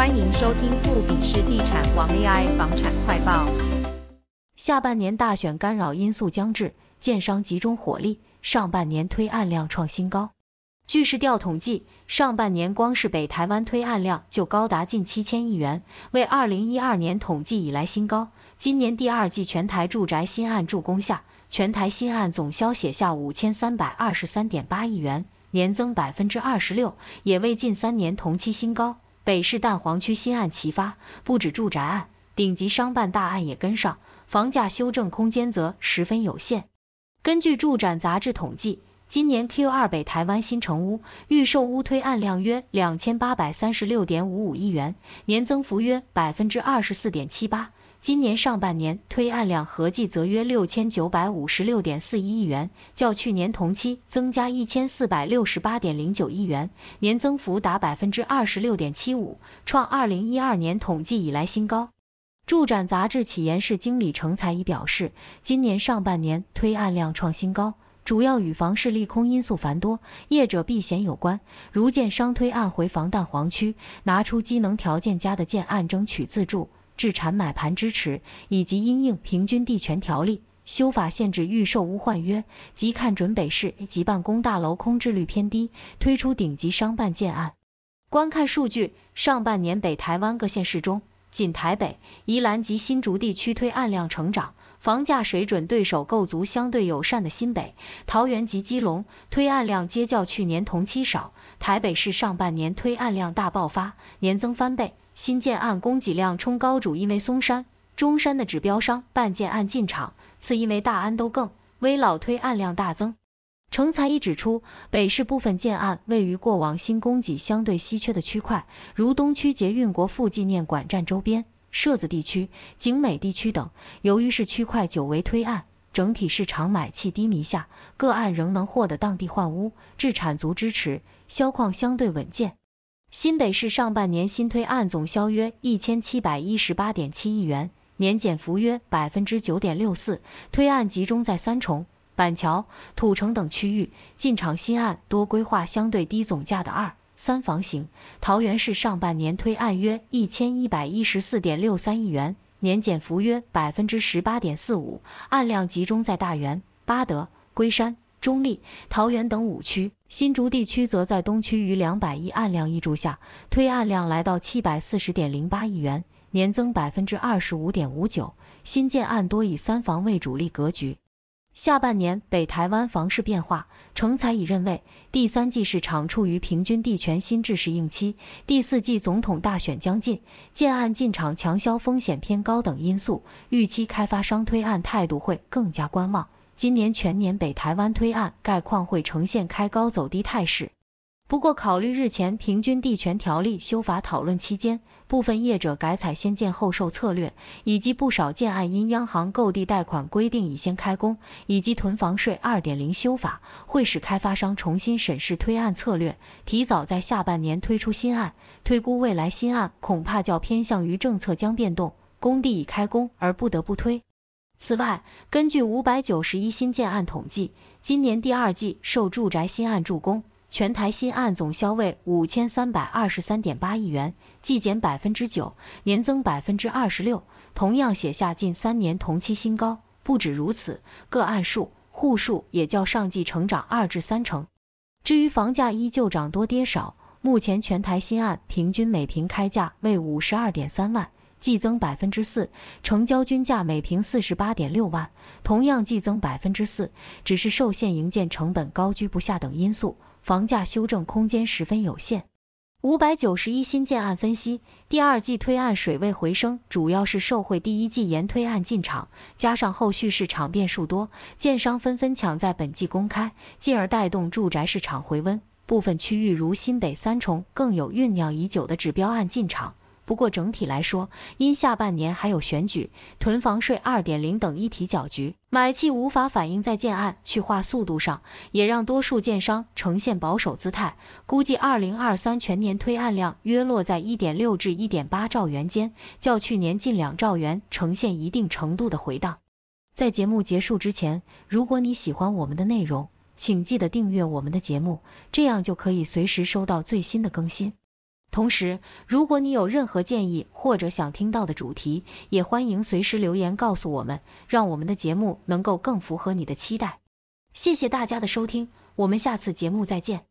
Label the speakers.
Speaker 1: 歡迎收聽富比士地產王 AI 房產快報。下半年大選干擾因素將至，建商集中火力，上半年推案量創新高。據市調統計，上半年光是北台灣推案量就高達近七千億元，為二零一二年統計以來新高。今年第二季全台住宅新案助攻下，全台新案總銷寫下五千三百二十三點八億元，年增百分之二十六，也為近三年同期新高。北市蛋黃區新案齊發，不止住宅案，頂級商辦大案也跟上，房價修正空間則十分有限。根據住展雜誌統計，今年 Q 二北台灣新成屋預售屋推案量約兩千八百三十六點五五億元，年增幅約百分之二十四點七八。今年上半年推案量合計則約六千九百五十六點四一億元，較去年同期增加一千四百六十八點零九億元，年增幅達百分之二十六點七五，創二零一二年統計以來新高。住展雜志企研室經理成才儀表示，今年上半年推案量創新高，主要與房市利空因素繁多、業者避險有關。如建商推案回防蛋黃區，拿出機能條件佳的建案爭取自住。置產買盤支持，以及因應平均地權條例修法限制預售屋換約，及看準北市及辦公大樓空置率偏低，推出頂級商辦建案。觀看數據，上半年北台灣各縣市中，僅台北、宜蘭及新竹地區推案量成長，房價水準對首購族相對友善的新北、桃園及基隆推案量皆較去年同期少。台北市上半年推案量大爆發，年增翻倍。新建案供給量衝高主因為松山、中山的指標商辦建案進場，次因為大安都更、危老推案量大增。成才一指出，北市部分建案位於過往新供給相對稀缺的區塊，如東區捷運國父紀念館站周邊、社子地區、景美地區等。由於是區塊久違推案，整體市場買氣低迷下，個案仍能獲得當地換屋、置產族支持，銷況相對穩健。新北市上半年新推案總銷約一千七百一十八點七億元，年減幅約百分之九點六四，推案集中在三重、板橋、土城等區域。進場新案多規劃相對低總價的二、三房型。桃園市上半年推案約一千一百一十四點六三億元，年減幅約百分之十八點四五，案量集中在大園、八德、龜山、中壢、桃園等五區。新竹地區則在東區逾兩百億案量挹注下，推案量來到七百四十點零八億元，年增百分之二十五點五九。新建案多以三房為主力格局。下半年北台灣房市變化，成才已認為，第三季市場處於平均地權新制適應期，第四季總統大選將近，建案進場強銷風險偏高等因素，預期開發商推案態度會更加觀望。今年全年北台灣推案概況會呈現開高走低態勢，不過考慮日前平均地權條例修法討論期間，部分業者改採先建後售策略，以及不少建案因央行購地貸款規定已先開工，以及囤房稅二點零修法，會使開發商重新審視推案策略，提早在下半年推出新案。推估未來新案恐怕較偏向於政策將變動，工地已開工而不得不推。此外，根據五百九十一新建案統計，今年第二季受住宅新案助攻，全台新案總銷為五千三百二十三點八億元，季減百分之九，年增百分之二十六，同樣寫下近三年同期新高。不止如此，個案數、戶數也較上季成長二至三成。至於房價依舊漲多跌少，目前全台新案平均每坪開價為五十二點三萬。季增百分之四，成交均價每平四十八點六萬，同樣季增百分之四，只是受限營建成本高居不下等因素，房價修正空間十分有限。五百九十一新建案分析，第二季推案水位回升，主要是受惠第一季延推案進場，加上後續市場變數多，建商紛紛搶在本季公開，進而帶動住宅市場回溫。部分區域如新北三重更有醞釀已久的指標案進場。不過整體來說，因下半年還有選舉、囤房稅2.0等議題攪局，買氣無法反映在建案去化速度上，也讓多數建商呈現保守姿態。估計2023全年推案量約落在1.6至1.8兆元間，較去年近兩兆元呈現一定程度的回盪。在節目結束之前，如果你喜歡我們的內容，請記得訂閱我們的節目，這樣就可以隨時收到最新的更新。同時，如果你有任何建議或者想聽到的主題，也歡迎隨時留言告訴我們，讓我們的節目能夠更符合你的期待。謝謝大家的收聽，我們下次節目再見。